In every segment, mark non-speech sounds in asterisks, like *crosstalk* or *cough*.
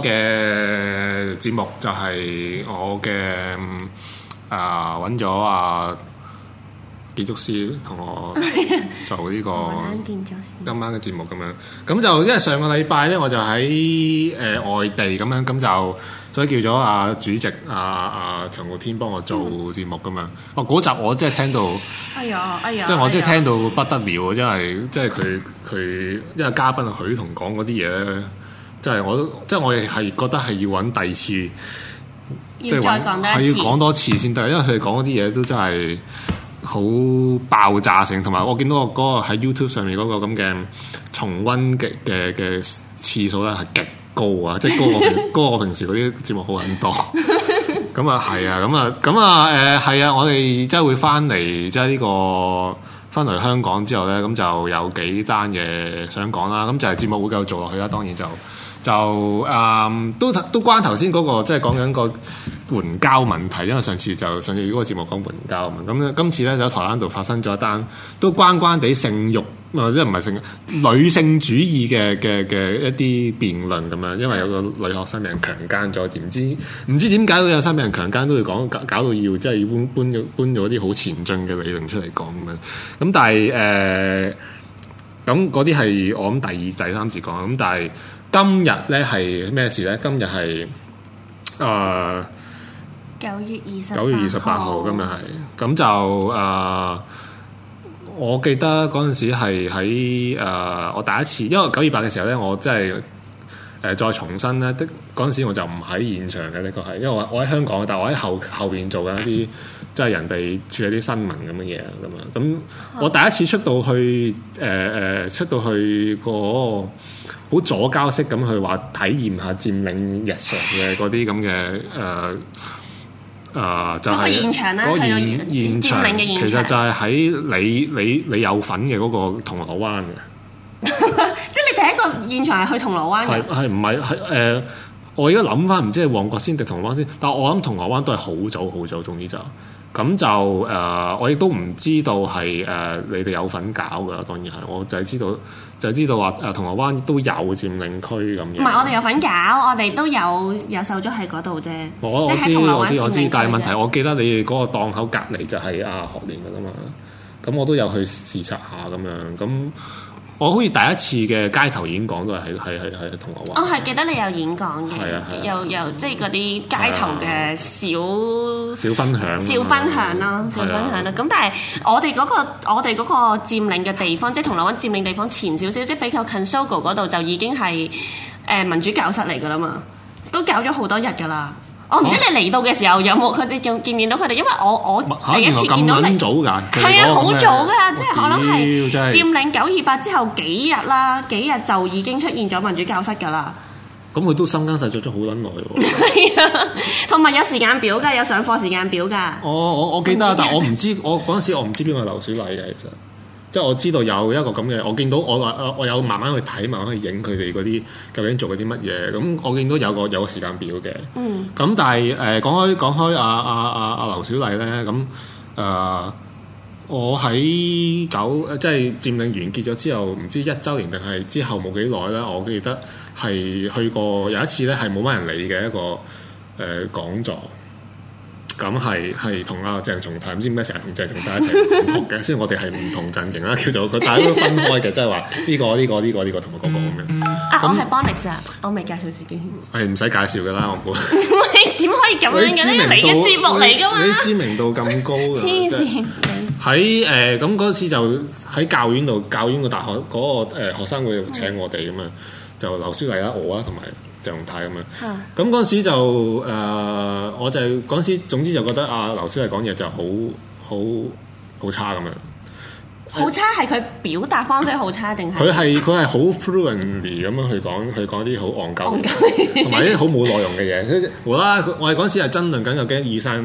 嘅節目就係我嘅、呃、啊揾咗啊建築師同我做呢個今晚嘅節目咁樣，咁就因為上個禮拜咧，我就喺誒、呃、外地咁樣，咁就所以叫咗啊主席啊啊陳浩天幫我做節目咁樣。哦、嗯，嗰集我真係聽到，哎呀哎呀，即係我真係聽到不得了，哎、呦真係即係佢佢，因為嘉賓啊許同講嗰啲嘢。即係我都，即係我亦係覺得係要揾第二次，即係要講多次先得，因為佢哋講嗰啲嘢都真係好爆炸性，同埋我見到個嗰個喺 YouTube 上面嗰個咁嘅重溫嘅嘅嘅次數咧係極高啊！即係高過 *laughs* 平高過平時嗰啲節目好很多。咁啊係啊，咁啊咁啊誒係啊！我哋即係會翻嚟，即係呢個翻嚟香港之後咧，咁就有幾單嘢想講啦。咁就係節目會繼續做落去啦。當然就～就誒、嗯、都都關頭先嗰個即係講緊個援交問題，因為上次就上次嗰個節目講援交咁樣，今次咧就喺台灣度發生咗一單都關關哋性慾即係唔係性慾女性主義嘅嘅嘅一啲辯論咁樣，因為有個女學生俾人強姦咗，點知唔知點解會有學生俾人強姦都會講搞，搞到要即係要搬搬咗搬咗啲好前進嘅理論出嚟講咁樣，咁但係誒咁嗰啲係我諗第二第三節講咁，但係。今日咧係咩事咧？今日係誒九月二十九月二十八號，今日係咁就誒、呃，我記得嗰陣時係喺誒我第一次，因為九月八嘅時候咧，我真係誒、呃、再重新咧，的嗰陣時我就唔喺現場嘅呢個係，因為我我喺香港，但係我喺後後邊做緊一啲即係人哋處理啲新聞咁嘅嘢咁啊，咁我第一次出到去誒誒、呃、出到去個。呃好左膠式咁去話體驗下佔領日常嘅嗰啲咁嘅誒誒，嗰、呃呃就係、個現場啦，係咯，現場，現場其實就係喺你你你有份嘅嗰個銅鑼灣嘅， *laughs* 即係你第一個現場係去銅鑼灣嘅，係唔係？係誒、呃，我而家諗翻唔知係旺角先定銅鑼灣先，但係我諗銅鑼灣都係好早好早總之就係。咁就誒、呃，我亦都唔知道係誒、呃，你哋有份搞嘅，當然係，我就係知道，就係、是、知道話誒、啊，銅鑼灣都有佔領區咁樣。唔係，我哋有份搞，我哋都有有手足喺嗰度啫，即係喺銅鑼灣佔領區啫。但係問題，我記得你哋嗰個檔口隔離就係啊學聯嘅啦嘛，咁我都有去視察下咁樣，咁。我好似第一次嘅街頭演講都係喺喺喺同我話，我係、哦、記得你有演講嘅、啊啊，有有即係嗰啲街頭嘅小、啊、小，分享小分享，啊啊、小分享咯，小分享咯。咁但係我哋嗰個我哋嗰個佔領嘅地方，即、就、係、是、銅鑼灣佔領地方前少少，即、就、係、是、比較近 Sogo 嗰度，就已經係誒民主教室嚟噶啦嘛，都搞咗好多日噶啦。我唔、哦、知你嚟到嘅時候有冇佢哋仲見唔見到佢哋？因為我我第一次見到係係啊，好早噶，即係我諗係佔領九二八之後幾日啦，幾日就已經出現咗民主教室㗎啦。咁佢都心間細著咗好撚耐㗎啊，同埋 *laughs* 有時間表㗎，有上課時間表㗎。哦，我我記得，但係我唔知 *laughs* 我嗰陣時我唔知邊個係劉小麗嘅其實。即係我知道有一個咁嘅，我見到我話我，我有慢慢去睇，慢慢去影佢哋嗰啲究竟做咗啲乜嘢。咁我見到有個有個時間表嘅。咁、嗯、但係誒、呃、講開講開阿阿阿阿劉小麗咧，咁、嗯、誒、呃、我喺九即係佔領完結咗之後，唔知一週年定係之後冇幾耐咧，我記得係去過有一次咧，係冇乜人理嘅一個誒、呃、講座。咁係係同阿鄭松泰唔知咩成日同鄭松泰一齊講嘢嘅，雖然我哋係唔同陣營啦，叫做佢大家都分開嘅，即係話呢個呢、呢個呢、呢個呢、呢個同埋嗰個咁樣。嗯嗯、啊，我係 Bonix 先，我未介紹自己。係唔使介紹嘅啦，我估。 *laughs* 你點可以咁樣嘅呢？你嘅節目嚟㗎嘛？你知名度咁高。黐線 *laughs* 病！喺誒咁嗰次就喺教院度，教院個大學嗰、嗰個誒學生會請我哋㗎嘛，嗯、就劉書毅啊，我啊，同埋。就睇咁樣，咁嗰、啊、時就誒、呃，我就嗰、是、時總之就覺得啊，劉小麗講嘢就好好好差咁樣。好差係佢表達方式好差定係？佢係佢係好 fluently 咁樣去講去講啲好戇鳩，同埋啲好冇內容嘅嘢。無啦、 *laughs* 嗯，我哋嗰時係爭論緊究竟 isan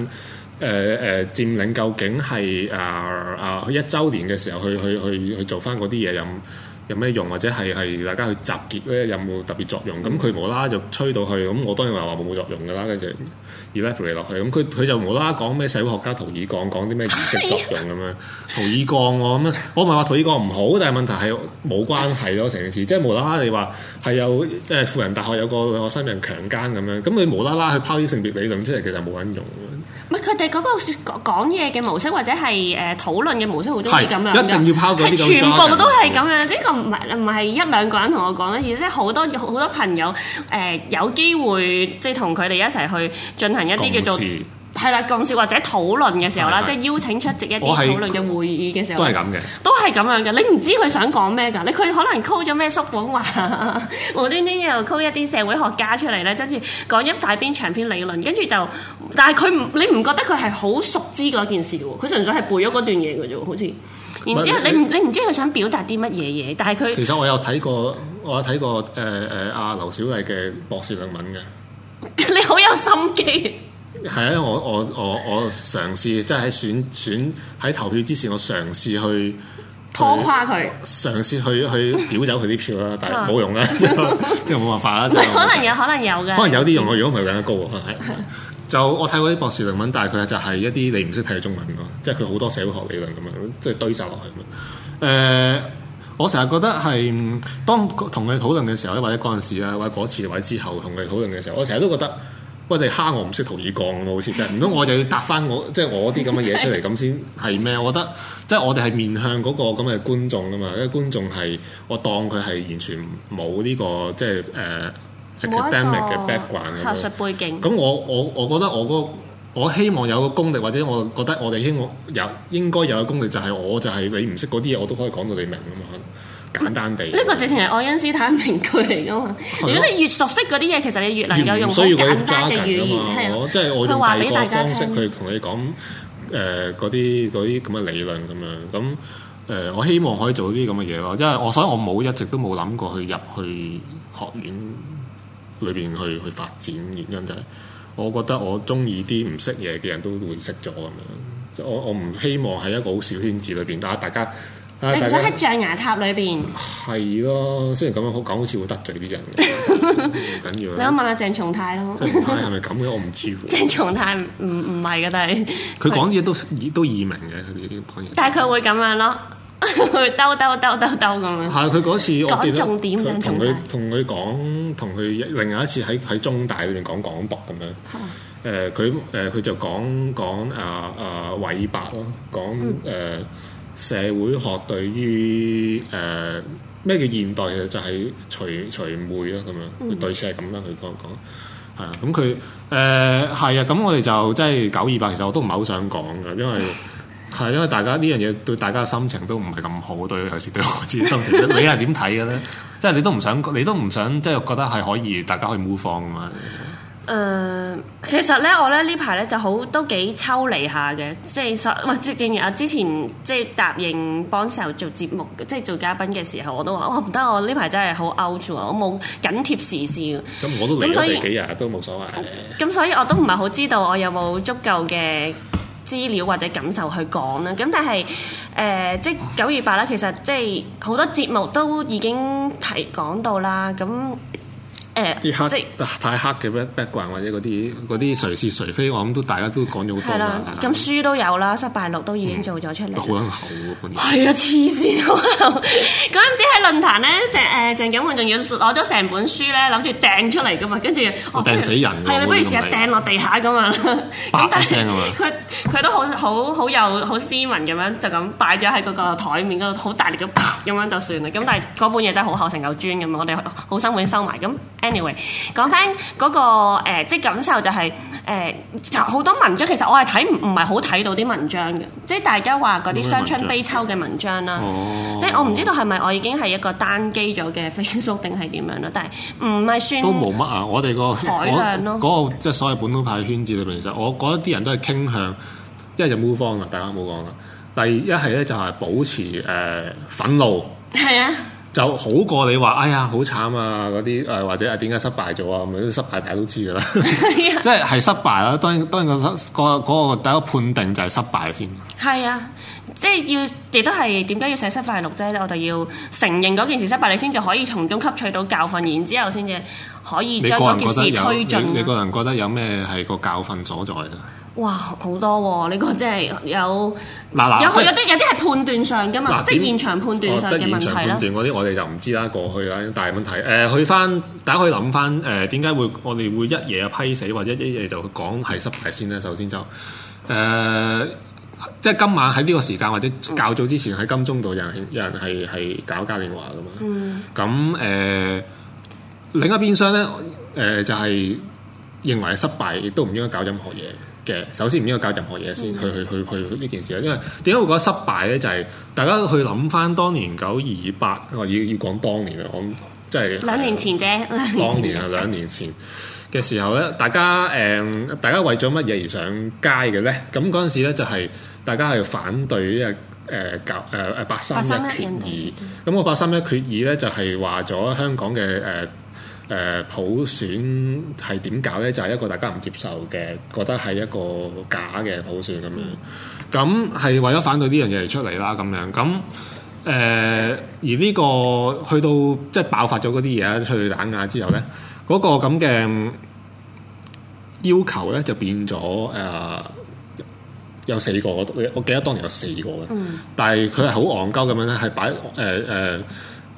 誒誒佔領究竟係啊啊一週年嘅時候去去去去，去，去做翻嗰啲嘢又？有咩用，或者係係大家去集結咧，有冇特別作用？咁佢無啦啦就吹到去，咁我當然係話冇冇作用噶啦。跟住 elaborate 落去，咁佢佢就無啦啦講咩社會學家圖爾幹講啲咩儀式作用咁樣，圖爾幹我，咁樣，我咪係話圖爾幹唔好，但係問題係冇關係咯成件事，即係無啦啦你話係有誒富人大學有個學生強姦咁樣，咁你無啦啦去拋啲性別理論出嚟，其實冇緊用。佢哋嗰個講嘢嘅模式，或者係誒討論嘅模式，好中意咁樣嘅。是一定要拋全部都係咁樣，呢個唔係唔係一兩個人同我講啦，而係好多好多朋友誒、呃、有機會即係同佢哋一齊去進行一啲識叫做。係啦，共事或者討論嘅時候啦，對即係邀請出席一啲討論嘅會議嘅時候，都係咁嘅，都係咁樣嘅。你唔知佢想講咩㗎？你佢可能 call 咗咩叔本華，無端端又 call 一啲社會學家出嚟咧，跟住講一大篇長篇理論，跟住就，但係佢唔，你唔覺得佢係好熟知嗰件事喎？佢純粹係背咗嗰段嘢嘅啫，好似。不然之後你唔，你唔知佢想表達啲乜嘢嘢，你但係佢。其實我有睇過，我有睇過誒誒阿劉小麗嘅博士論文嘅。 *laughs* 你好有心機。係啊！我我我我嘗試即係喺選選喺投票之前，我嘗試去，去拖垮佢，嘗試去去吊走佢啲票啦。 *laughs* 但係冇用啦， *laughs* *laughs* 即係冇辦法啦。可能有可能有嘅。可能有啲用，如果唔係更加高啊！ *laughs* 就我睇過啲博士論文，但係佢就係一啲你唔識睇嘅中文咯，即係佢好多社會學理論咁樣，即係堆晒落去。誒、呃，我成日覺得係當同佢討論嘅時候，或者嗰陣時啊，或者嗰次位之後同佢討論嘅時候，我成日都覺得。餵！我哋蝦我唔識同你講喎，好似即係，唔通我就要答翻我即係我啲咁嘅嘢出嚟咁先係咩？我覺得即係我哋係面向嗰個咁嘅觀眾噶嘛，因為觀眾係我當佢係完全冇呢個即係誒 academic 嘅 background 嘅，咁我我我覺得我個我，我，我希望有個功力，或者我覺得我哋希望有應該有個功力，就係我就係你唔識嗰啲嘢，我都可以講到你明噶嘛。簡單地，呢個直情係愛因斯坦名句嚟噶嘛？的如果你越熟悉嗰啲嘢，其實你越能夠用好簡單嘅語言，係啊，佢話俾大家用簡單方式去，佢同你講誒嗰啲啲咁嘅理論咁樣。咁、嗯、誒、呃，我希望可以做啲咁嘅嘢咯，因為我所以我冇一直都冇諗過去入去學院裏邊去去發展。原因就係、是、我覺得我中意啲唔識嘢嘅人都會識咗咁樣。我我唔希望喺一個好小圈子裏邊，但係大家。喺咗喺象牙塔裏邊，係咯。雖然咁樣好講，好似會得罪啲人，唔緊要。你我問下鄭松泰咯。鄭松泰係咪咁嘅？我唔知。鄭松泰唔唔係嘅，但係佢講嘢都都易明嘅。佢啲但係佢會咁樣咯，兜兜兜兜兜咁樣。係佢嗰次我記得同佢同佢講，同佢另外一次喺喺中大嗰邊講港獨咁樣。係。佢誒佢就講講啊啊韋伯咯，講誒。社會學對於誒咩、呃、叫現代其實就係除除昧咯咁樣，樣樣嗯、對此係咁啦佢講講，係啊咁佢誒係啊咁我哋就即係九二八，9, 2, 8, 其實我都唔係好想講嘅，因為係因為大家呢樣嘢對大家嘅心情都唔係咁好，對尤其是對我自己心情， *laughs* 你係點睇嘅咧？即係 *laughs* 你都唔想，你都唔想即係、就是、覺得係可以大家可以 move forward 嘛？誒、呃，其實咧，我咧呢排咧就好都幾抽離下嘅，即係實，唔係正如我之前即係答應幫手做節目，即係做嘉賓嘅時候，我都話、哦：我唔得，我呢排真係好 out 喎，我冇緊貼時事。咁、嗯、我都嚟得幾日、嗯、都冇所謂。咁、嗯、所以我都唔係好知道我有冇足夠嘅資料或者感受去講啦。咁但係誒、呃，即係九月八啦，其實即係好多節目都已經提、提講到啦。咁誒啲黑即太黑嘅 background 或者嗰啲嗰啲誰是誰非，我諗都大家都講咗好多啦。咁的是書都有啦，失敗錄都已經做咗出嚟。好、嗯、厚喎，嗰本。係啊，黐線喎！嗰時喺論壇咧，鄭誒鄭景文仲要攞咗成本書咧，諗住掟出嚟噶嘛，跟住掟死人。係你，啊，不如試下掟落地下噶嘛，咁、嗯、一但係佢佢都好好好有好斯文咁樣就咁擺咗喺個台面嗰度，好大力咁啪咁樣就算啦。咁但係嗰本嘢真係好厚成嚿磚咁，我哋好辛苦收埋咁。Anyway，講翻嗰個、呃、即係感受就係、是、誒，好、呃、多文章其實我係睇唔唔係好睇到啲文章嘅，即係大家話嗰啲傷春悲秋嘅文章啦。哦，即係我唔知道係咪我已經係一個單機咗嘅 Facebook 定係點樣咯？但係唔係算都冇乜啊！我哋、嗰個海咯，嗰、 *laughs* 嗰個即係所謂本土派圈子裏邊，其實我覺得啲人都係傾向一係就 move on 噶，大家冇講噶。第二一係咧就係保持誒、呃、憤怒，係啊。就好過你話，哎呀，好慘啊！嗰啲誒或者啊，點解失敗咗啊？咁樣失敗大家都知噶啦，即係係失敗啦。當然當然，當然、嗰個、嗰個嗰、嗰個第一判定就係失敗先。係啊，即係要亦都係點解要寫失敗錄啫？我哋要承認嗰件事失敗，你先至可以從中吸取到教訓，然之後先至可以將嗰件事推進、啊。你個人覺得有咩係個教訓所在？哇，好多喎、哦！你個即係有，嗱嗱，有有啲有啲係判斷上噶嘛？即係現場判斷上嘅問現場判斷嗰啲我哋就唔知啦，過去啦，大問題。誒、呃，去翻大家可以諗翻誒，點解會我哋會一夜批死，或者一夜就講係失敗先咧？首先就誒、呃，即係今晚喺呢個時間或者較早之前喺金鐘度有人有人係係搞嘉年華噶嘛？咁誒、嗯呃、另一邊廂咧誒，就係、是、認為失敗亦都唔應該搞任何嘢。首先唔應該教任何嘢先，去去去去呢件事啊，因為點解會覺得失敗咧，就係、是、大家去諗翻當年九二八，我要要講當年啊，我即係兩年前啫，當年啊兩年前嘅、嗯、時候咧，大家誒、呃，大家為咗乜嘢而上街嘅咧？咁嗰陣時咧就係大家係反對啊誒教誒誒八三一決議，咁個八三一決議咧就係話咗香港嘅誒。呃誒普選係點搞咧？就係、是、一個大家唔接受嘅，覺得係一個假嘅普選咁樣。咁係為咗反對呢樣嘢出嚟啦，咁樣咁誒、呃。而呢、這個去到即係爆發咗嗰啲嘢出去打壓之後咧，嗰、那個咁嘅要求咧就變咗誒、呃、有四個，我我記得當年有四個嘅。嗯、但係佢係好戇鳩咁樣咧，係擺誒誒。呃呃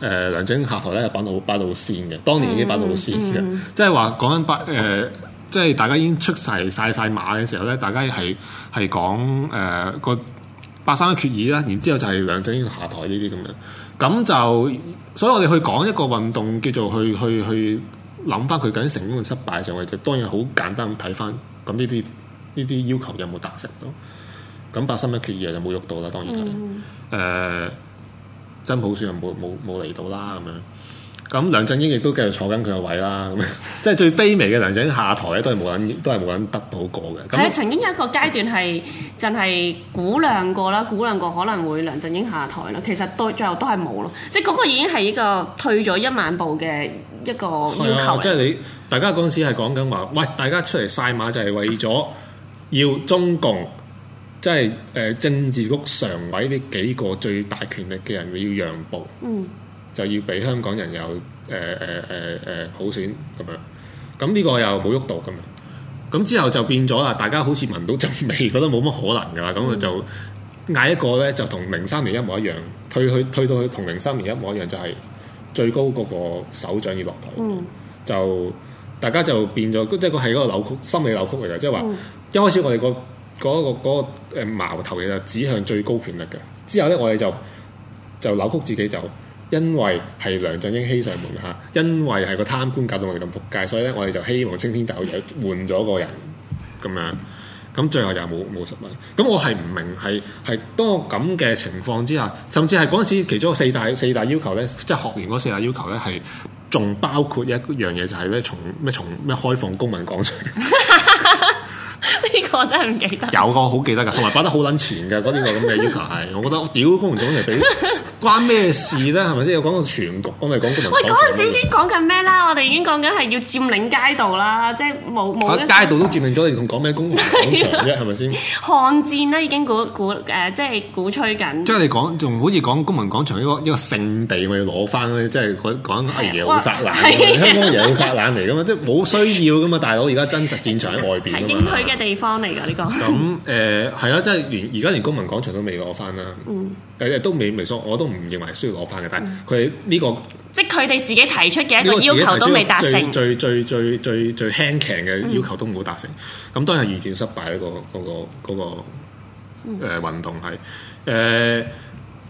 誒、呃、梁振英下台咧，又擺到好擺到好線嘅，當年已經擺到好線嘅，即係話講緊擺誒，即係大家已經出晒晒晒馬嘅時候咧，大家係係講誒個八三一決議啦，然之後就係梁振英下台呢啲咁樣，咁就所以我哋去講一個運動叫做去去去諗翻佢究竟成功定失敗嘅時候，就當然好簡單咁睇翻，咁呢啲呢啲要求有冇達成到？咁八三一決議就冇喐到啦，當然誒。嗯呃真普選又冇冇冇嚟到啦咁樣，咁梁振英亦都繼續坐緊佢個位啦咁樣，即係最卑微嘅梁振英下台咧，都係冇人，都係冇人得到過嘅。係啊，曾經一個階段係就係估量過啦，估量過可能會梁振英下台啦，其實到最後都係冇咯，即係嗰個已經係一個退咗一萬步嘅一個要求的。即係你大家嗰陣時係講緊話，喂，大家出嚟晒馬就係為咗要中共。即係誒政治局常委呢幾個最大權力嘅人要讓步，嗯，就要俾香港人有誒誒誒誒普選咁樣，咁呢個又冇喐到咁樣，咁之後就變咗啦，大家好似聞到陣味，覺得冇乜可能噶啦，咁佢就嗌一個咧，就同零三年一模一樣，退去退到去同零三年一模一樣，就係最高嗰個首長要落台，嗯，就大家就變咗，即、就、係、是、個係嗰個扭曲心理扭曲嚟嘅，即係話一開始我哋、那個。嗰個嗰矛頭其實指向最高權力嘅，之後咧我哋就就扭曲自己，就因為係梁振英欺上瞞下，因為係個貪官搞到我哋咁仆街，所以咧我哋就希望青天大尉又換咗個人咁樣，咁最後又冇冇實物。咁我係唔明係係當咁嘅情況之下，甚至係嗰陣時其中四大四大要求咧，即係學聯嗰四大要求咧，係仲包括一樣嘢就係、是、咧，從咩從咩開放公民廣場。 *laughs* 呢 *laughs* 個真係唔記得有。有個好記得㗎，同埋擺得好撚前㗎，嗰啲咁嘅要求係，我覺得屌公民總嚟俾，關咩事咧？係咪先？我講到全國，我、啊、咪講公民。喂，嗰、那、陣、個、時已經講緊咩啦？嗯、我哋已經講緊係要佔領街道啦，即係冇冇。街道都佔領咗，你仲講咩公民廣場啫？係咪先？巷 *laughs* 戰啦，已經鼓鼓誒，即係鼓吹緊。即係你講仲好似講公民廣場呢個呢個聖地我要攞翻咧，即係講講呀，耶路撒冷，香港耶路撒冷嚟㗎嘛，即係冇需要㗎嘛，大佬而家真實戰場喺外邊。係。 *laughs* 佢嘅地。地方嚟噶呢個咁誒係啦，即係而而家連公民廣場都未攞翻啦。嗯，誒都未未縮，我都唔認為需要攞翻嘅。嗯、但係佢呢個，即係佢哋自己提出嘅一個要求都未達成。最最最最最輕強嘅要求都冇達成，咁、嗯嗯、當然係完全失敗一、那個嗰、那個嗰、那個誒運動係誒。咁、呃嗯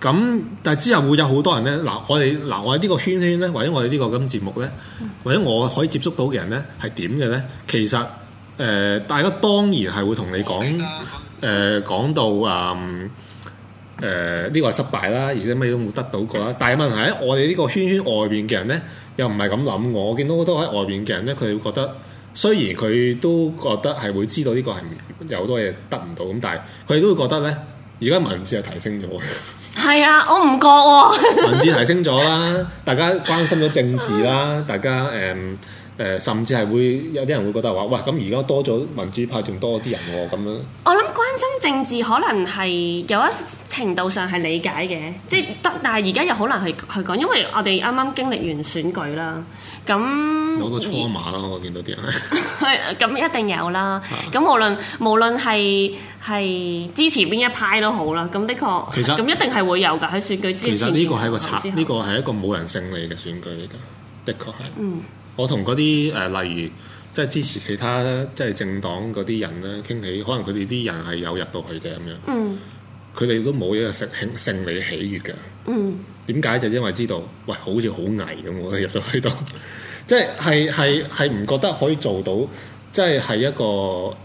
嗯、但係之後會有好多人咧，嗱我哋嗱我呢個圈圈咧，或者我哋呢個咁節目咧，或者我可以接觸到嘅人咧係點嘅咧？其實。誒、呃，大家當然係會同你講，誒、呃、講到啊，誒呢個係失敗啦，而且咩都冇得到過啦。但係問題係，我哋呢個圈圈外邊嘅人咧，又唔係咁諗。我見到好多喺外邊嘅人咧，佢哋會覺得，雖然佢都覺得係會知道呢個係有好多嘢得唔到，咁但係佢哋都會覺得咧，而家文字係提升咗。係啊，我唔覺，文字提升咗啦，大家關心咗政治啦，大家誒。嗯誒，甚至係會有啲人會覺得話，喂，咁而家多咗民主派仲多啲人喎，咁、哦、樣。我諗關心政治可能係有一程度上係理解嘅，嗯、即係得，但係而家又好難去去講，因為我哋啱啱經歷完選舉啦，咁有個初碼啦，我見到啲人。係，咁一定有啦。咁無論無論係係支持邊一派都好啦，咁的確，其實咁一定係會有㗎，喺選舉之前。其實呢個係一個，呢個係一個冇人勝利嘅選舉嚟㗎，的確係。嗯。嗯。我同嗰啲誒，例如即係支持其他即係政黨嗰啲人咧，傾起，可能佢哋啲人係有入到去嘅咁樣。嗯，佢哋都冇一個勝勝利嘅喜悅嘅。嗯，點解？就因為知道，喂，好似好危咁，我哋入到去度， *laughs* 即係係係係唔覺得可以做到，即係係一個。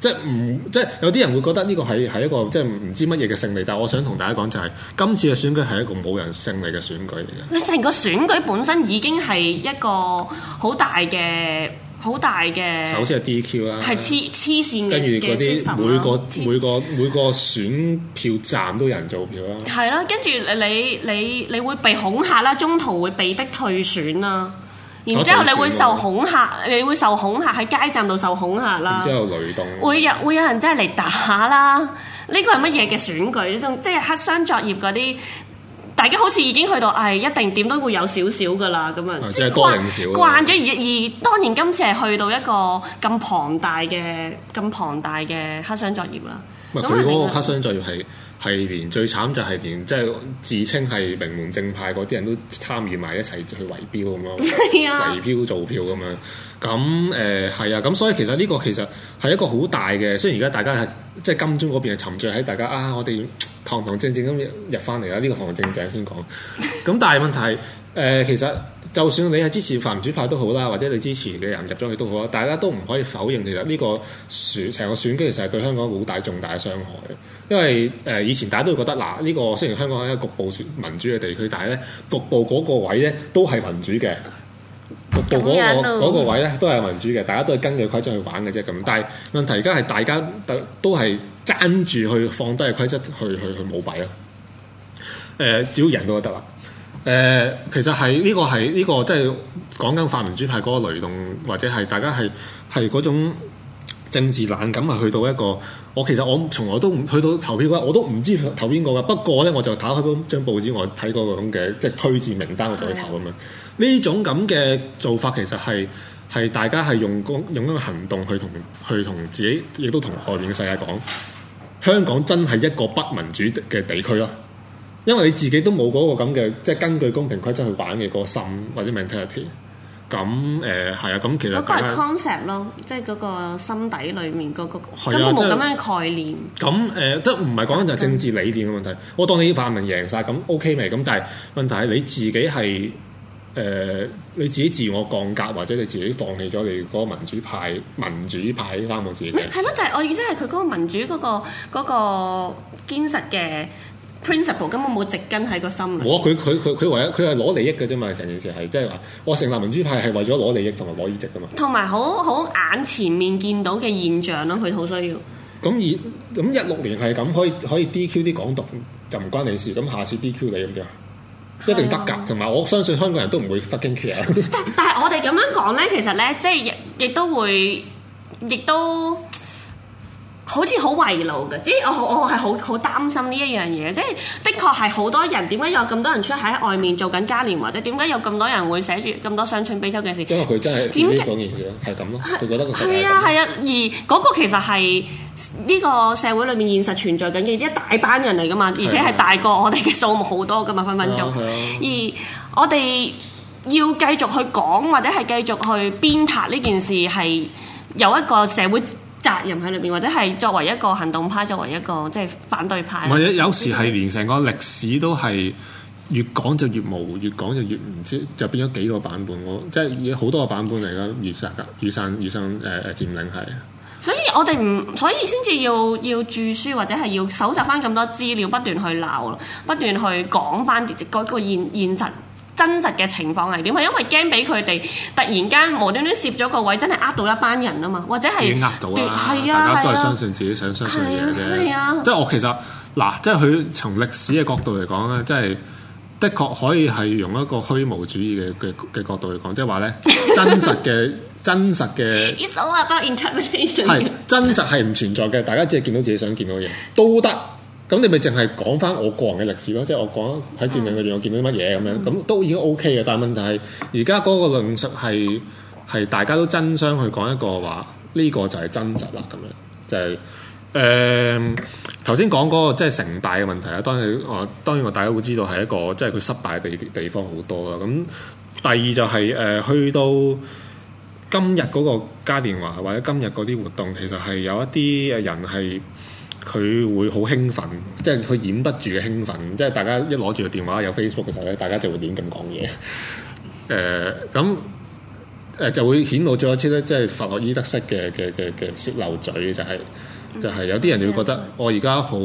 即係唔即係有啲人會覺得呢個係係一個即係唔知乜嘢嘅勝利，但係我想同大家講就係、是，今次嘅選舉係一個冇人勝利嘅選舉嚟嘅。你成個選舉本身已經係一個好大嘅好大嘅。首先係 DQ 啦，係黐黐線嘅。跟住嗰啲每個每個每個選票站都有人做票啦。係啦，跟住你你你，你，你會被恐嚇啦，中途會被逼退選啦。然之後你會受恐嚇，你會受恐嚇喺街站度受恐嚇啦。之後雷動，會有會有人真係嚟打啦。呢、呢個係乜嘢嘅選舉？一種即係黑箱作業嗰啲，大家好似已經去到係、哎、一定點都會有少少噶啦咁啊。樣即係慣慣咗而而當然今次係去到一個咁龐大嘅咁龐大嘅黑箱作業啦。咁啊，佢嗰個黑箱作業係。係連最慘就係連即係自稱係名門正派嗰啲人都參與埋一齊去圍標咁咯， *laughs* 圍標造票咁樣。咁誒係啊，咁所以其實呢個其實係一個好大嘅。雖然而家大家係即係金鐘嗰邊係沉醉喺大家啊，我哋堂堂正正咁入翻嚟啦，呢、呢個堂堂正正先講。咁但係問題係誒、呃、其實。就算你係支持民主派都好啦，或者你支持你人入咗去都好啦，大家都唔可以否認，其實呢、這個、個選成個選舉其實係對香港好大重大嘅傷害。因為誒、呃、以前大家都會覺得嗱，呢、啊這個雖然香港係一個局部民主嘅地區，但係咧局部嗰個位咧都係民主嘅，局部嗰個位咧都係民主嘅、那個，大家都係根據規則去玩嘅啫。咁但係問題而家係大家都都係爭住去放低規則去去去舞弊咯。誒，只要贏到就得啦。誒、呃，其實係呢、這個係呢、這個、就是，即係講緊泛民主派嗰個雷動，或者係大家係係嗰種政治冷感啊，去到一個，我其實我從來都唔去到投票嘅噶，我都唔知投邊個噶。不過咧，我就打開張張報紙，我睇嗰種嘅，即係推薦名單，我就去投咁樣。呢種咁嘅做法，其實係係大家係用公用一個行動去同去同自己，亦都同外面嘅世界講，香港真係一個不民主嘅地區啦。因為你自己都冇嗰個咁嘅，即係根據公平規則去玩嘅嗰個心或者 mentality。咁誒係啊，咁其實嗰、就是、個係 concept 咯，即係嗰個心底裡面嗰、那個的根本冇咁樣嘅概念。咁誒，即唔係講緊就係政治理念嘅問題。我當你泛民贏晒，咁 OK 未？咁但係問題係你自己係誒、呃，你自己自我降格，或者你自己放棄咗你嗰個民主派、民主派三個字嘅。係咯、嗯，就係、是、我意思係佢嗰個民主嗰、那個嗰、那個堅實嘅。Principle 根本冇植根喺個心裏。我佢佢佢佢，唯一佢係攞利益嘅啫嘛，成件事係即係話，我成立民主派係為咗攞利益同埋攞議席噶嘛。同埋好好眼前面見到嘅現象咯，佢好需要。咁而咁一六年係咁，可以可以 DQ 啲港獨就唔關你事，咁下次 DQ 你咁啫，一定得㗎。同埋的我相信香港人都唔會 fucking care。但但係我哋咁樣講咧，其實咧，即係亦亦都會，亦都。好似好遺漏嘅，即係我我係好好擔心呢一樣嘢，即係的確係好多人點解有咁多人出喺外面做緊嘉年華，或者點解有咁多人會寫住咁多傷春悲秋嘅事？因為佢真係點講件事咯，係咁咯，佢是覺得個係啊係啊，啊，而嗰個其實係呢個社會裏面現實存在緊嘅，就是，一大班人嚟噶嘛，而且係大過我哋嘅數目好多噶嘛，分分鐘。啊啊啊、而我哋要繼續去講或者係繼續去鞭撻呢件事，係有一個社會。責任喺裏邊，或者係作為一個行動派，作為一個即係反對派。是或者有時係連成個歷史都係越講就越模糊，越講就越唔知，就變咗幾個版本。我即係好多個版本嚟㗎，雨殺、越散、越散、誒誒、呃、佔領係。所以我哋唔所以先至要要著書，或者係要搜集翻咁多資料，不斷去鬧，不斷去講翻個個現現，現實。真實嘅情況係點？係因為驚俾佢哋突然間無端端攝咗個位，真係呃到一班人啊嘛，或者係已經呃到啊，係啊對，大家都係相信自己想相信嘅嘢嘅。即係我其實嗱，即係佢從歷史嘅角度嚟講咧，即係的確可以係用一個虛無主義嘅嘅嘅角度嚟講，即係話咧真實嘅 *laughs* 真實嘅，It's all about interpretation。係真實係唔存在嘅，大家只係見到自己想見到嘅嘢，都得。咁你咪淨係講翻我個人嘅歷史咯，即、就、係、是、我講喺戰場裏邊我見到啲乜嘢咁樣，咁都已經 OK 嘅。但係問題係，而家嗰個論述係係大家都爭相去講一個話，呢、這個就係真實啦。咁樣就係誒頭先講嗰個即係、就是、成敗嘅問題啦。當然我當然我大家會知道係一個即係佢失敗嘅地地方好多啦。咁第二就係、是、誒、呃、去到今日嗰個嘉年華或者今日嗰啲活動，其實係有一啲人係。佢會好興奮，即係佢掩不住嘅興奮。即係大家一攞住個電話有 Facebook 嘅時候咧，大家就會點咁講嘢。誒、呃，咁誒、呃、就會顯露咗一啲咧，即係佛洛伊德式嘅嘅嘅嘅泄漏嘴，就係、是、就係、是、有啲人就會覺得、嗯嗯嗯、我而家好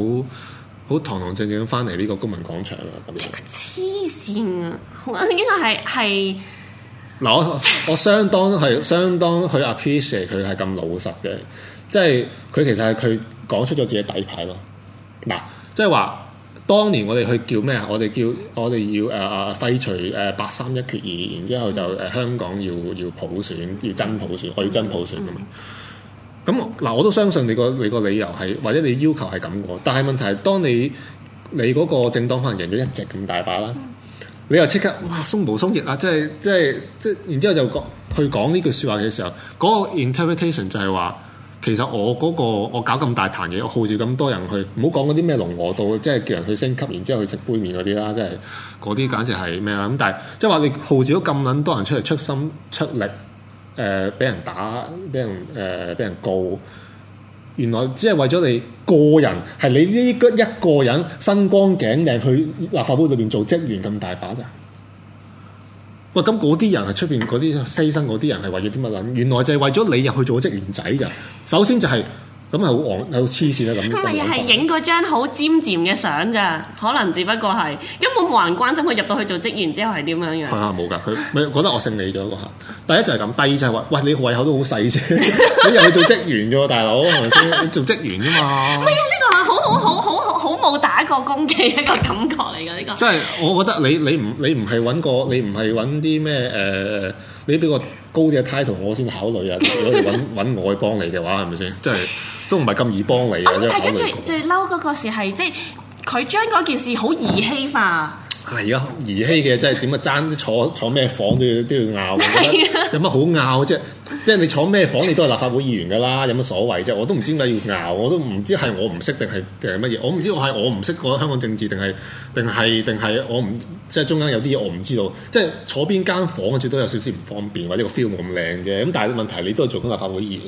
好堂堂正正翻嚟呢個公民廣場啊！黐線啊！應該係係嗱，我我相當係 *laughs* 相當去 appreciate 佢係咁老實嘅，即係佢其實係佢。講出咗自己底牌咯，嗱，即係話，當年我哋去叫咩啊？我哋叫我哋要誒誒、uh, 廢除誒八三一決議，然之後就誒、uh, 香港要要普選，要真普選，可以真普選噶咁嗱，我都相信你個你個理由係，或者你要求係咁個，但係問題係，當你你嗰個政黨可能贏咗一隻咁大把啦，嗯、你又即刻哇鬆毛鬆翼啊！即係即係即係，然之後就講去講呢句説話嘅時候，嗰、那個 interpretation 就係話。其實我嗰、那個我搞咁大壇嘢，我號召咁多人去，唔好講嗰啲咩龍和道，即係叫人去升級，然之後去食杯麪嗰啲啦，即係嗰啲簡直係咩啊！咁但係即係話你號召咁撚多人出嚟出心出力，誒、呃、俾人打，俾人誒俾、呃、人告，原來只係為咗你個人，係你呢一個人身光頸靚去立法會裏邊做職員咁大把咋？喂，咁嗰啲人係出邊嗰啲犧牲嗰啲人係為咗啲乜撚？原來就係為咗你入去做職員仔㗎。首先就係、是，咁係好憨，係好黐線啦咁。佢咪係影嗰張好尖尖嘅相咋，可能只不過係根本冇人關心佢入到去做職員之後係點樣樣。係啊、嗯，冇㗎，佢覺得我勝利咗個嚇。第一就係咁，第二就係、是、話，喂，你個胃口都好細啫， *laughs* 你入去做職員啫喎，大佬係咪先？你 *laughs* 做職員㗎嘛。唔係啊，呢個係好好好好好。 *laughs* 冇打過攻擊一個感覺嚟嘅呢個，即係 *laughs* 我覺得你你唔你唔係揾個你唔係揾啲咩誒，你畀個、呃、高嘅 title，我先考慮啊！如果你揾揾我幫你嘅話，係咪先？即係 *laughs* 都唔係咁易幫你。係跟住最嬲嗰個時係即係佢將嗰件事好兒戲化。 *laughs* 係啊，兒戲嘅即係點樣？爭坐坐咩房都要都要拗，我覺得有乜好拗啫？ *laughs* 即係你坐咩房，你都係立法會議員噶啦，有乜所謂啫？我都唔知點解要拗，我都唔知係我唔識定係定係乜嘢。我唔知道係我唔識嗰香港政治，定係定係定係我唔即係中間有啲嘢我唔知道。即係坐邊間房最多有少少唔方便或者個 feel 冇咁靚啫。咁但係問題你都係做緊立法會議員，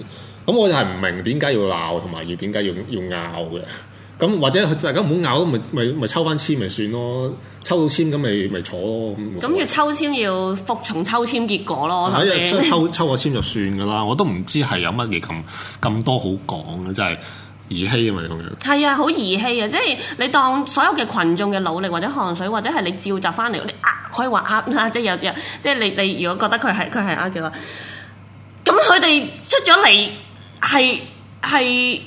咁我就係唔明點解要鬧同埋要點解要要拗嘅。咁或者大家唔好拗，咪咪咪抽翻籤咪算咯，抽到籤咁咪咪坐咯。咁要抽籤要服從抽籤結果咯。哎呀，抽抽個籤就算噶啦，我都唔知係有乜嘢咁咁多好講嘅，真係兒戲啊嘛咁樣。係啊，好兒戲啊！即係你當所有嘅群眾嘅努力或者汗水或者係你召集翻嚟，你啊可以話啱啦，即係又又即係你你如果覺得佢係佢係啱嘅話，咁佢哋出咗嚟係係。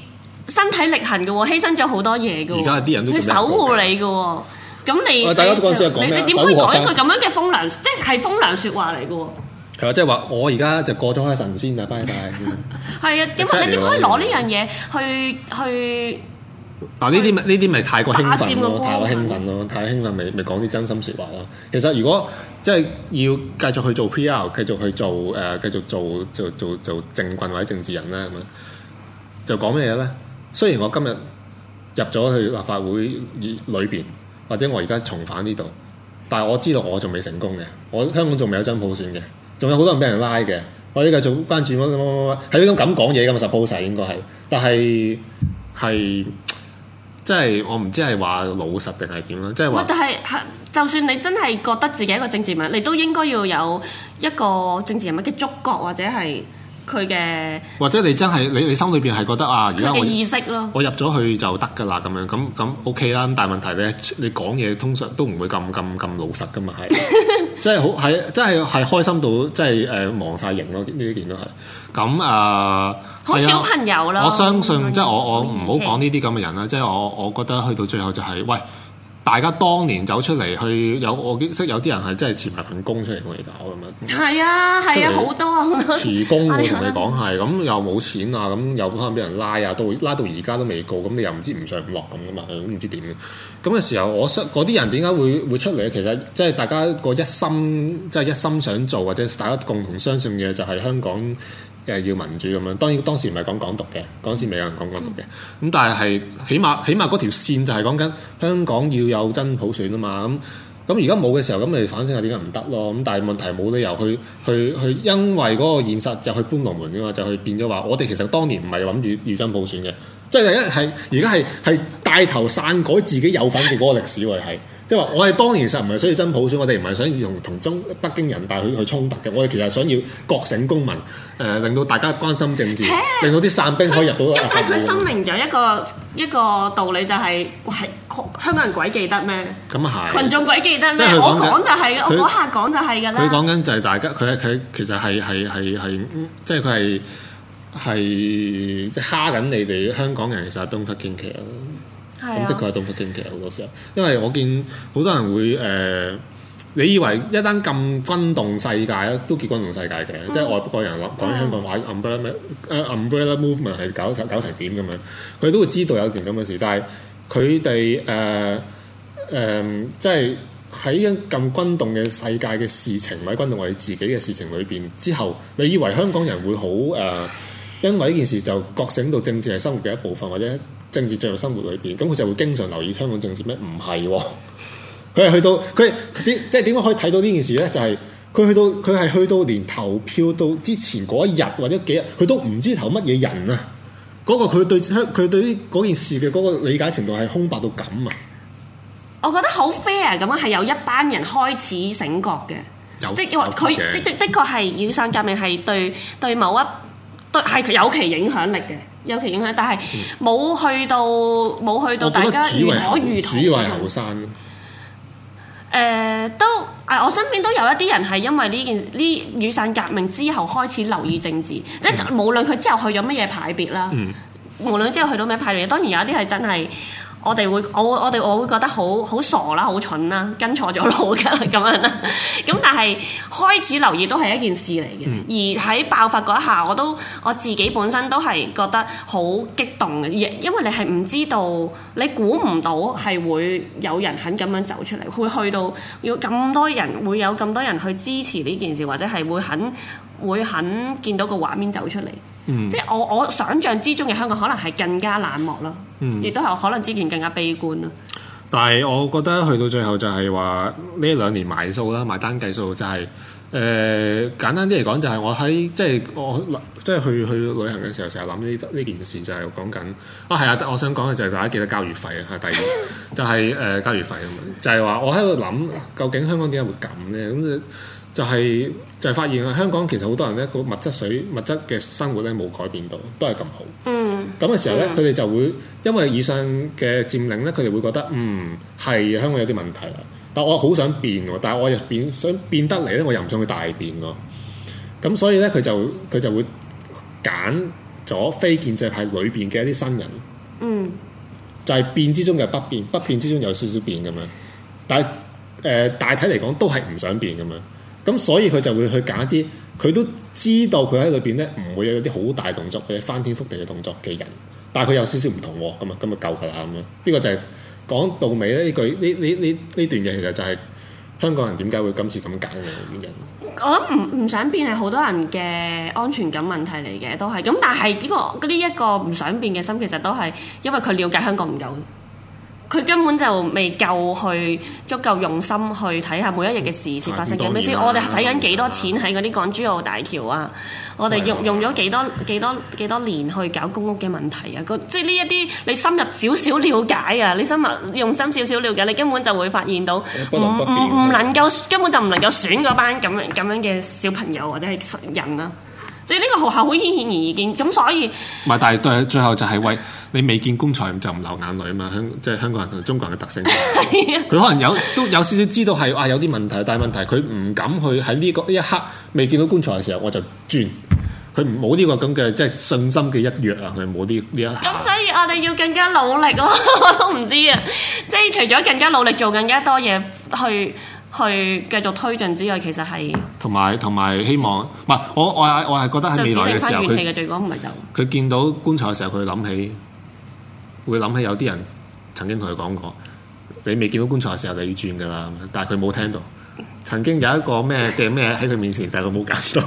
身體力行嘅喎，犧牲咗好多嘢嘅喎，佢守護人你嘅喎，咁你大家都講你點可以講一句咁樣嘅風涼，即係風涼説話嚟嘅喎？係啊，即係話我而家就過咗海神仙啦，拜拜！係啊， *laughs* 點解你點可以攞呢樣嘢去去？嗱， *laughs* 呢啲咪呢啲咪太過興奮咯， *laughs* 太過興奮咯，太興奮咪未講啲真心説話咯。其實如果即係、就是、要繼續去做 PR，繼續去做誒，uh, 繼續做做做做政棍或者政治人咧咁樣，就講咩嘢咧？雖然我今日入咗去立法會裏邊，或者我而家重返呢度，但係我知道我仲未成功嘅。我香港仲未有真普選嘅，仲有好多人俾人拉嘅。我呢家做關注乜乜乜乜係呢種敢講嘢嘅嘛 supporter 應該係。但係係即係我唔知係話老實定係點咯，即係話。但係就算你真係覺得自己一個政治人物，你都應該要有一個政治人物嘅觸覺或者係。佢嘅或者你真係你你心裏邊係覺得，啊而家我意識咯，我入咗去就得㗎啦，咁樣咁咁 OK 啦，但問題咧，你講嘢通常都唔會咁咁咁老實㗎嘛係，即係好係即係係開心到即係誒忙晒型咯，呢件都到係咁，啊好、啊、小朋友啦，我相信即係我我唔好講呢啲咁嘅人啦，即係我我覺得去到最後就係、是、喂。大家當年走出嚟去有我識有啲人係真係辭埋份工出嚟同你搞咁樣，係啊係啊好多啊，辭工 *laughs* 我同你講係咁又冇錢啊咁又可能俾人拉啊，到到都到拉到而家都未告咁你又唔知唔上唔落咁噶嘛，都唔知點嘅咁嘅時候，我識嗰啲人點解會會出嚟？其實即係大家個一心即係、就是、一心想做，或者大家共同相信嘅就係香港。誒要民主咁樣，當然當時唔係講港獨嘅，嗰陣時未有人講港獨嘅。咁但係係起碼起碼嗰條線就係講緊香港要有真普選啊嘛。咁咁而家冇嘅時候，咁咪反省下點解唔得咯？咁但係問題冇理由去去去因為嗰個現實就去搬龍門嘅嘛，就去變咗話我哋其實當年唔係諗住要真普選嘅，即係大家係而家係係帶頭篡改自己有份嘅嗰個歷史為係。即係話，我哋當然實唔係想要真普選，我哋唔係想要同同中北京人大去去衝突嘅。我哋其實想要覺醒公民，誒、呃、令到大家關心政治，令到啲散兵可以入到。但係佢生命有一個一個道理就係、是、係、就是、香港人鬼記得咩？咁啊群羣眾鬼記得咩？我講就係，我下講就係嘅啦。佢講緊就係大家，佢佢其實係係係係，即係佢係係蝦緊你哋香港人，其實東突堅強。咁的、嗯嗯、確係東北驚奇好多時候，因為我見好多人會誒、呃，你以為一單咁轟動世界咧，都叫轟動世界嘅，嗯、即係外國人、嗯、講香港話 umbrella umbrella movement 係搞，搞成搞成點咁樣，佢都會知道有件咁嘅事，但係佢哋誒誒，即係喺咁轟動嘅世界嘅事情，或者轟動我哋自己嘅事情裏邊之後，你以為香港人會好誒、呃？因為呢件事就覺醒到政治係生活嘅一部分，或者？政治在生活裏邊，咁佢就會經常留意香港政治咩？唔係，佢係去到佢啲，即係點樣可以睇到呢件事咧？就係佢去到佢係去到連投票、那個、到之前嗰一日或者幾日，佢都唔知投乜嘢人啊！嗰個佢對佢對啲嗰件事嘅嗰個理解程度係空白到咁啊！我覺得好 fair 咁啊，係有一班人開始醒覺嘅，的要佢的的的確係要上革命，係對對某一對係有其影響力嘅。有其影響，但係冇去到冇、嗯、去到大家耳熟能詳。主要係後生。誒、呃，都啊，我身邊都有一啲人係因為呢件呢雨傘革命之後開始留意政治，嗯、即係無論佢之後去咗乜嘢派別啦，嗯、無論之後去到咩派別，當然有一啲係真係。我哋會，我我哋我會覺得好好傻啦，好蠢啦，跟錯咗路㗎咁樣啦。咁但係開始留意都係一件事嚟嘅，嗯、而喺爆發嗰一下，我都我自己本身都係覺得好激動嘅，因為你係唔知道，你估唔到係會有人肯咁樣走出嚟，會去到要咁多人，會有咁多人去支持呢件事，或者係會肯會肯見到個畫面走出嚟。嗯、即係我我想象之中嘅香港可能係更加冷漠咯，嗯、亦都係可能之前更加悲觀咯。但係我覺得去到最後就係話呢兩年買數啦，埋單計數就係、是、誒、呃、簡單啲嚟講就係我喺即係我即係去去旅行嘅時候成日諗呢呢件事就係講緊啊，係啊，我想講嘅就係大家記得交月費啊，係第二 *laughs* 就係、是、誒、呃、交月費咁樣，就係、是、話我喺度諗究竟香港點解會咁咧？嗯就係、是、就係、是、發現啊！香港其實好多人咧，個物質水物質嘅生活咧冇改變到，都係咁好。嗯。咁嘅時候咧，佢哋、嗯、就會因為以上嘅佔領咧，佢哋會覺得嗯係香港有啲問題啦。但我好想變喎，但係我又變想變得嚟咧，我又唔想佢大變喎。咁所以咧，佢就佢就會揀咗非建制派裏邊嘅一啲新人。嗯。就係變之中嘅不變，不變之中有少少變咁樣，但係誒、呃、大體嚟講都係唔想變咁樣。咁所以佢就會去揀一啲佢都知道佢喺裏邊咧，唔會有啲好大動作，或者翻天覆地嘅動作嘅人，但係佢有少少唔同㗎、哦、嘛，咁咪救佢啦咁樣。呢、那個就係、是、講到尾咧呢句呢呢呢呢段嘢其實就係香港人點解會今次咁揀嘅人。我諗唔唔想變係好多人嘅安全感問題嚟嘅，都係咁。但係呢、這個嗰一、這個唔想變嘅心，其實都係因為佢了解香港唔夠。佢根本就未夠去足夠用心去睇下每一日嘅事，事、嗯、發生嘅咩先，元我哋使緊幾多錢喺嗰啲港珠澳大橋啊？的我哋用用咗幾多幾的多幾多，多年去搞公屋嘅問題啊？即係呢一啲你深入少少了解啊，你深入用心少少了解，你根本就會發現到唔唔唔能夠根本就唔能夠選嗰班咁樣咁樣嘅小朋友或者係人啊！即係呢個學校好顯而易見，咁所以唔係，但係對最後就係、是、為。 *laughs* 你未見棺材就唔流眼淚啊嘛，香即係香港人同中國人嘅特性。佢 *laughs* 可能有都有少少知道係啊有啲問題，但係問題佢唔敢去喺呢個一刻未見到棺材嘅時候我就轉，佢冇呢個咁嘅即係信心嘅一躍啊！佢冇啲呢一下。咁所以我哋要更加努力咯、啊， *laughs* 我都唔知啊！即係除咗更加努力做更加多嘢去去繼續推進之外，其實係同埋同埋希望唔係是我我係我係覺得喺未來嘅時候最講唔係就佢他見到棺材嘅時候，佢諗起。會諗起有啲人曾經同佢講過，你未見到棺材嘅時候就要轉噶啦，但係佢冇聽到。曾經有一個咩嘅咩喺佢面前，但係佢冇揀到。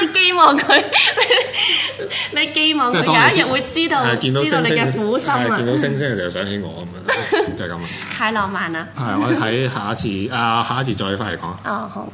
你寄望佢，你寄望佢有一日會知道知道你嘅苦心見到星星嘅、啊、時候，想起我咁、 *laughs* 嗯，就係、樣，就係咁啊！太浪漫啦！係我睇下一次啊，下一次再翻嚟講啊。哦，好。